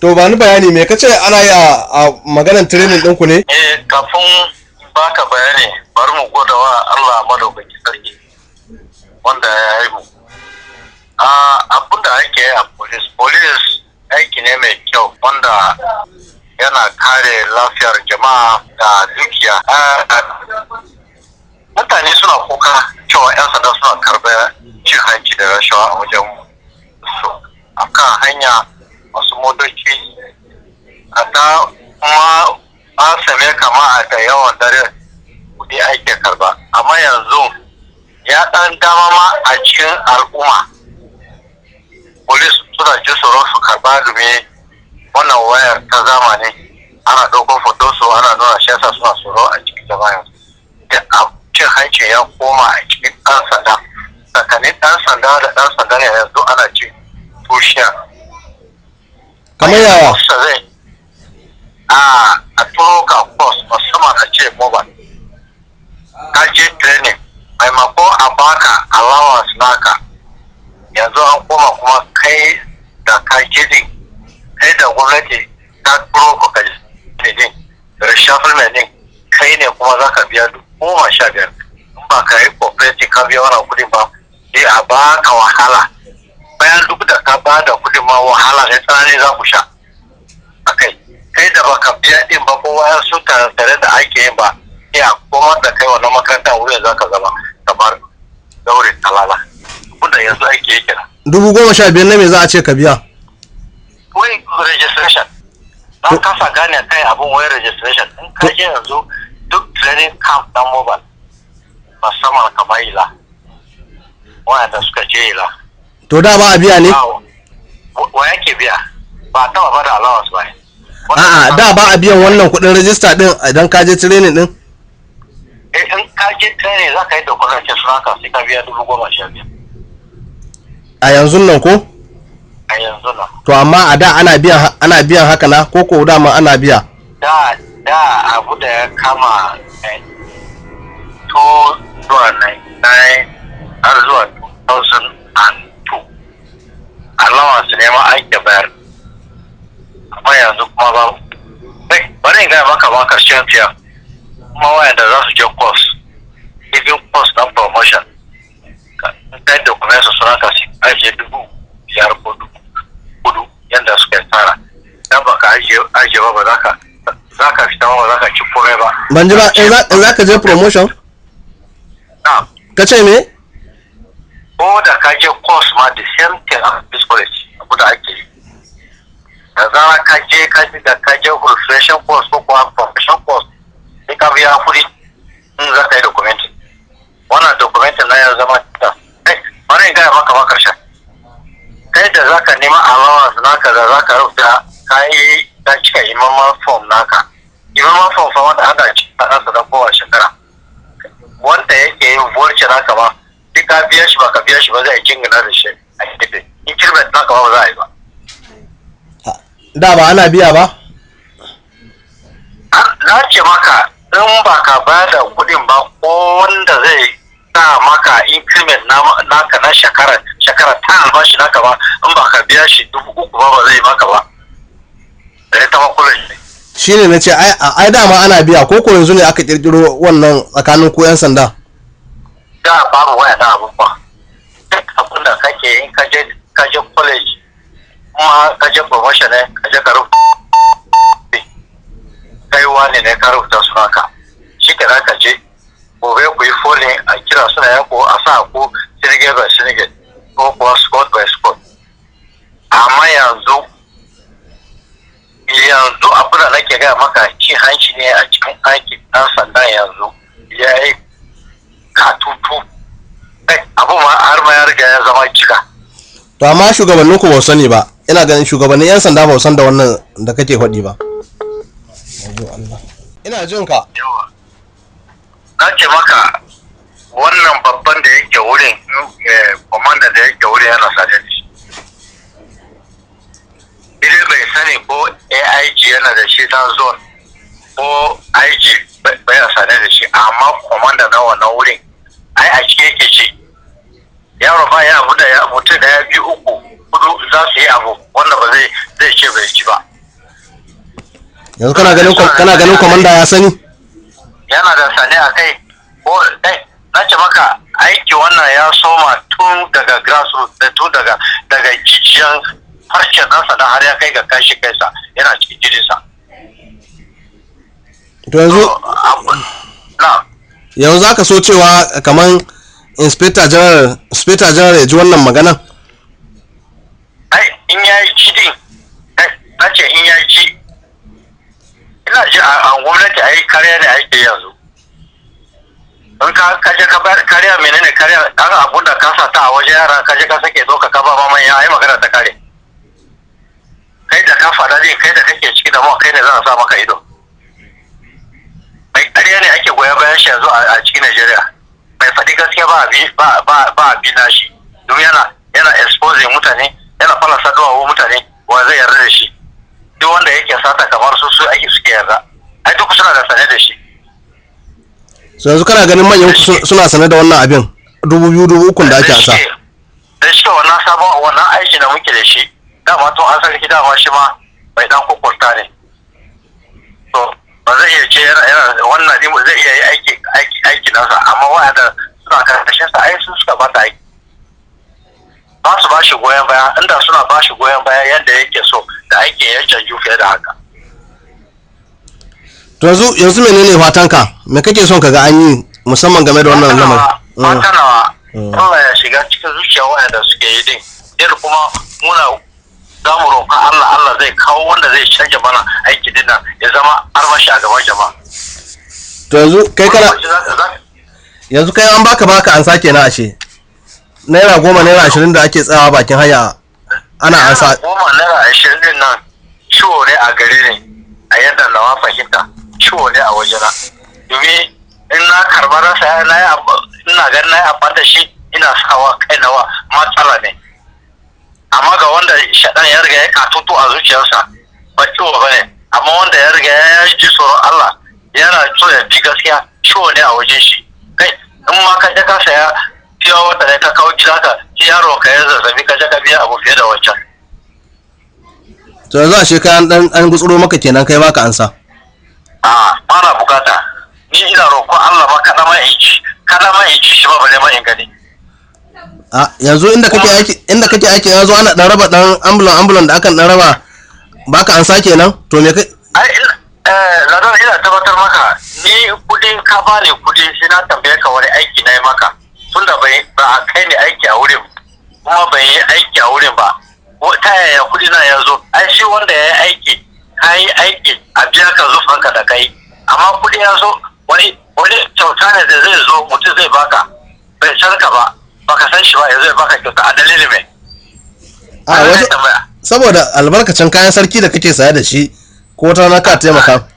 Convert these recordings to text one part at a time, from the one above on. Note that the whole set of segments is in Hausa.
to ba ni bayani me kace ana yi a maganan training ɗinku ne eh kafin baka bayani bari mu goda wa Allah madaukaki sarki wanda ya yi mu A abin da ake yi a police police aiki ne mai kyau wanda yana kare lafiyar jama'a da dukiya mutane suna kuka cewa 'yan sanda suna karbar cin hanci da rashawa a wajen kuma su same kama a da yawan dare kuɗi ake karba amma yanzu ya ɗan dama ma a cikin al'umma polis suna ji tsoron su karba domin wannan wayar ta zamani ana ɗaukar foto su ana nuna shi yasa suna tsoro a cikin jama'a da cin hanci ya koma a cikin ɗan sanda tsakanin ɗan sanda da ɗan sanda ne yanzu ana ce tushiya kamar yaya baka allowance naka yanzu an koma kuma kai da kajidin kai da gwamnati ta turo ka shafin mai ne kai ne kuma za ka biya duk goma sha biyar in ba ka yi kofarci ka biya wani kudin ba sai a baka wahala bayan duk da ka ba da kudin ma wahala sai tsanani za ku sha akai kai da baka biya din ba ko ya su tare da ake yin ba sai a koma da kai wannan makaranta wuri za ka zama kamar daurin talala abinda yanzu ake yi kira dubu goma sha biyar na me za a ce ka biya wai registration ba kasa gane kai abin wai registration in ka je yanzu duk training camp dan mobile ba musamman kamar ila wanda suka je la to da ba a biya ne wa yake biya ba taba ba da allowance ba a'a da ba a biyan wannan kudin rajista din idan ka je training din eh in ka je ne za ka yi da kwanakin suna ka sai ka biya dubu goma sha biyar a yanzu nan ko a yanzu nan to amma a da ana biyan ana biyan haka na ko ko da ma ana biya da da abu da ya kama eh, to zuwa 99 har zuwa 2002 su nema ma ake bayar amma yanzu kuma ba bari in gaya maka ba karshen fiya kuma wayanda za su je course even course na promotion kai da kuma su suna kasi ajiye dubu biyar ko dubu kudu yadda suka tsara dan baka ajiye ba ba zaka ka za ka fita ba zaka ka ci kore ba ban ji ba in za ka je promotion na ka ce me ko da ka je course ma the same thing a this college abu da ake yi da zara ka je ka ji da ka je refreshen course ko kuma profession course ka da za ka rubuta ka yi ka cika imaman form naka imaman form fa wanda ana cika nasa da kowa shekara wanda yake yin volce naka ba duk ka biya shi ba ka biya shi ba zai gina da shi a gefe in kirmet naka ba ba za a yi ba. da ba ana biya ba? na ce maka in ba ka bayar da kuɗin ba ko wanda zai sa maka increment naka na shekarar ta albashi naka ba in ba ka biya shi dubu uku ba ba zai maka ba da eh, ta makulai ne shi ne na ce ai dama ana biya ko ko yanzu ne aka kirkiro wannan tsakanin ko yan sanda da babu waya da abun ba abun da kake yin ka kaje college kuma kaje promotion ne kaje ka rubuta kai wani ne ka rubuta haka shi ka je gobe ku yi folin a kira suna yanko a sa ku sinigate by sinigate ko kuwa sport by sport amma yanzu yanzu abu da nake gaya maka cin hanci ne a cikin aikin ɗan sanda yanzu ya yi katutu eh, abu ma har ma ya riga ya zama cika to amma shugabannin ku ba sani ba ina ganin shugabannin yan sanda ba san da wannan da kake faɗi ba ina jin ka na ce maka wannan babban da yake wurin komanda eh, da yake wurin yana sace da shi idan bai sani ko aig yana da shi ta zone ko aig bai yana sane da shi amma komanda na wannan wurin ai a cikin yake shi yaro ba ya abu da ya mutu da ya bi uku hudu za su yi abu wanda ba zai zai ce bai ci ba yanzu kana ganin kana ganin komanda ya sani yana da sane a kai ko kai. na ce maka aiki wannan ya soma tun daga grassroots tun daga daga jijiyan harshen nasa da har ya kai ga kashi kaisa yana cikin jirinsa. To yanzu yanzu za ka so cewa kamar inspector general inspector general ya ji wannan magana Ai in ya yi ci din na ce in ya yi ci ina ji a gwamnati a yi karya da aiki yanzu. in ka kaje ka kariya menene kariya an abun da ka sa ta a waje yara kaje ka sake zo ka kaba ma manya ai magana ta kare kai da ka fada zai kai da kake ciki da mu kai ne zan a sa maka ido mai kariya ne ake goya bayan shi yanzu a cikin Najeriya mai faɗi gaskiya ba ba ba ba bi na shi domin yana yana expose mutane yana falasa wa mutane wa zai yarda da shi duk wanda yake sata kamar su su ake suke yarda ai duk suna da sane da shi so yanzu kana ganin manyan suna sane da wannan abin dubu biyu dubu ukun da ake asa da shi wannan sabon wannan aiki da muke da shi dama tun an sarki ma shi ma bai dan kukurta ne to ba zai iya ce yana wannan ne zai iya yi aiki aiki aiki nasa amma wa'anda suna karkashin sa ai sun suka bata aiki ba su ba shi goyon baya inda suna ba shi goyon baya yadda yake so da aikin ya canju fiye da haka to yanzu yanzu menene fatanka me kake son ka ga an yi musamman game da wannan lamarin mm. fatanawa mm. Allah ya shiga cikin zuciya wayanda suke yi din yadda kuma muna za mu roƙa Allah Allah zai kawo wanda zai canja mana aiki din ya zama armashi a gaban jama'a to yanzu kai kana yanzu kai an baka baka an sake na ashe naira goma naira ashirin da ake tsayawa bakin haya ana an sa goma naira ashirin din nan ciwo ne a gari ne a yadda na fahimta ciwo ne a wajena domin in na karba na saya ina ganin na yi amfani da shi ina sawa kai nawa matsala ne amma ga wanda shaɗan ya riga ya katutu a zuciyarsa ba ciwo ba ne amma wanda ya riga ya ji tsoron Allah yana so ya fi gaskiya ciwo ne a wajen shi kai in ma ka je ka saya fiya wata ne ka kawo gida ka ki yaro ka ya zazzabi ka je ka biya abu fiye da wancan. to yanzu a shekaran ɗan an gutsuro maka kenan kai ma ka ansa. a ba na bukata ni ina roƙon Allah ba kada ma in ci kada ma in ci shi ba bare ma in gani a yanzu inda kake aiki inda kake aiki yanzu ana dan raba dan ambulan ambulan da akan dan raba baka an sake nan to me kai ai eh, ladan ina tabbatar maka ni kudin ka bani kudin shi na tambaye ka wani aiki na yi maka tunda bai ba a kai ni aiki a wurin kuma bai yi aiki a wurin ba ta yaya kudi na yanzu ai shi wanda ya yi aiki ka yi aiki a biya ka zufanka da kai amma kuɗi ya zo wani wani kyauta ne da zai zo mutum zai baka bai san ka ba baka san shi ba ya zai baka kyauta a dalilin mai a wasu saboda albarkacin kayan sarki da kake saya da shi ko ta na ka taimaka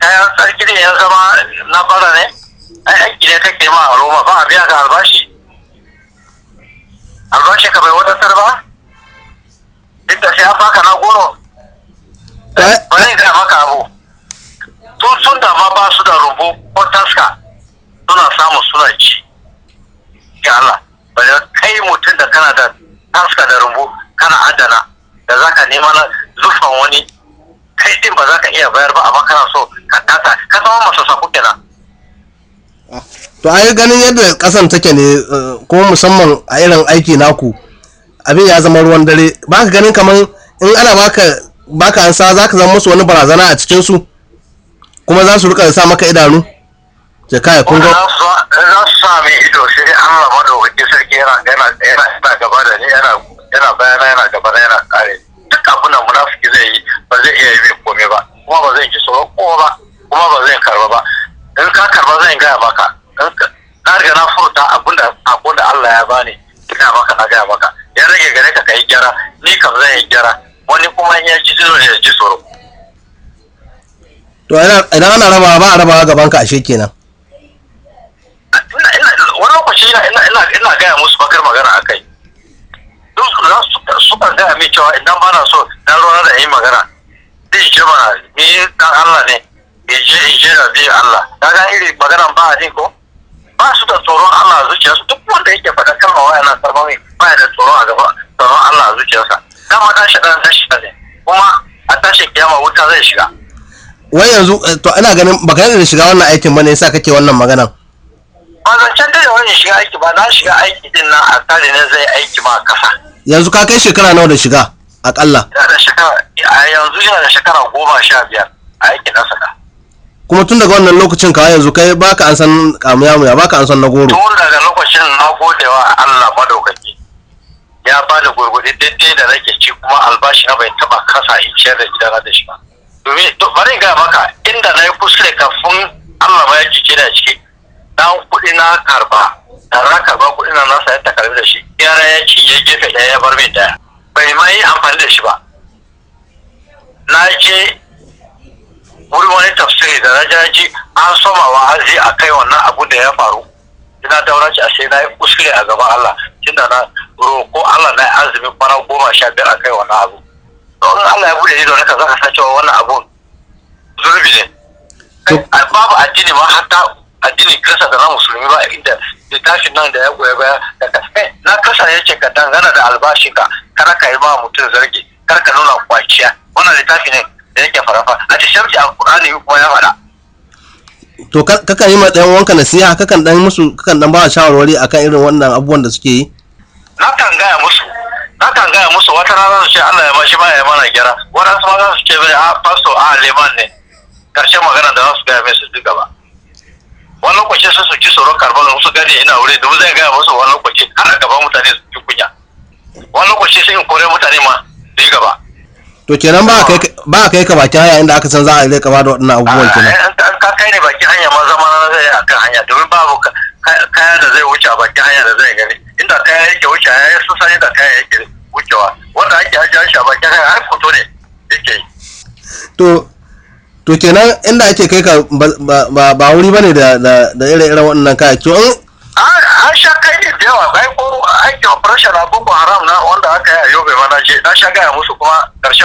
kayan sarki ne ya zama na bara ne ai aiki ne kake ma a roma ba a biya ka albashi albashi ka bai wadatar ba to a yi ganin yadda kasan take ne eh, kuma musamman a irin aiki naku abin ya zama ruwan dare ba ka ganin kamar in ana baka baka ansa za ka zama musu wani barazana a cikin su kuma za su rika sa maka idanu da kaya kun ga za su sa mai ido sai Allah madaukakin sarki yana yana yana gaba da ni yana yana bayana yana gaba yana kare duk abin da munafiki zai yi ba zai iya yi komai ba kuma ba zai ji tsoron kowa ba kuma ba zai karba ba in ka karba zan gaya baka. to idan ana rabawa ba a rabawa gaban ka ashe kenan wani lokaci ina gaya musu bakar magana a kai Duk sukan gaya mai cewa idan ba na so na ruwa da yi magana zai je mana ni dan Allah ne ya je in je da biyu Allah kaga iri magana ba a ko ba su da tsoron Allah a zuciyarsu duk wanda yake faɗa kalma waya na sarfa mai ba da tsoron a gaba tsoron Allah a zuciyarsa dama dan shaɗa dan shaɗan ne kuma a tashin kiyama wuta zai shiga wai yanzu eh, to ana ganin baka da shiga wannan aikin ba ne yasa kake wannan maganan ba zancen da wani shiga aiki ba na shiga aiki din nan a tsari ne zai aiki ba kasa yanzu ka kai shekara nawa da shiga akalla yanzu yana da shekara goma sha biyar a aikin na saka kuma tun daga wannan lokacin kawai yanzu kai baka an san kamuya baka an san na goro tun daga lokacin na gode wa Allah madaukaki ya ba da gurgudi daidai da nake ci kuma albashi na bai taba kasa in ciyar da gidana da shi ba domin bari ga maka inda na yi kafin Allah ba ya cike da shi dan kuɗi na karba da na karba kuɗi na nasa ya takarbi da shi yara ya ci ya gefe ɗaya ya bar min ɗaya bai ma yi amfani da shi ba na je wuri wani tafsiri da na jaji an soma azi a kai wannan abu da ya faru ina daura a sai na yi a gaban Allah tunda na roƙo Allah na yi azumin kwana goma sha biyar a kai wannan abu in Allah ya bude ido naka zaka san cewa wannan abun zurbi ne babu addini ma hatta addini kasa da na musulmi ba inda littafin nan da ya goya baya eh, na kasa ya ce ka dangana da albashinka kada ka yi ma mutum zargi kar ka nuna kwaciya wannan littafi ne da yake farafa a ce shamsi alkur'ani kuma ya faɗa to kakan yi ma ɗan wanka siya, kakan dan musu kakan dan ba shawarwari akan irin wannan abubuwan da suke yi na kan gaya musu Hakan gaya musu wata rana su ce Allah ya bashi ba ya mana gyara. wata su za su ce mai a pastor a leman ne. Karshen magana da za su gaya mai su duka ba. Wani lokaci sun su ci tsoron karɓar su gani ina wuri domin zai gaya musu wani lokaci har gaba mutane su ji kunya. Wani lokaci sai in kore mutane ma su gaba. To kenan ba a kai ka baki hanya inda aka san za a yi ba da waɗannan abubuwan kenan. Ka kai ne baki hanya ma zama na zai a kan hanya domin babu kaya da zai wuce a baki hanya da zai gani. inda ta yi yake wuce ya sun san inda kaya yake wucewa wanda ake ajiye shi a bakin hanya har fito ne yake to to kenan inda ake kai ka ba wuri ba ne da ire-iren waɗannan kayayyakin an sha kai ne da yawa bai ko aikin operation a boko haram na wanda aka yi a yobe ma na je na sha gaya musu kuma ƙarshen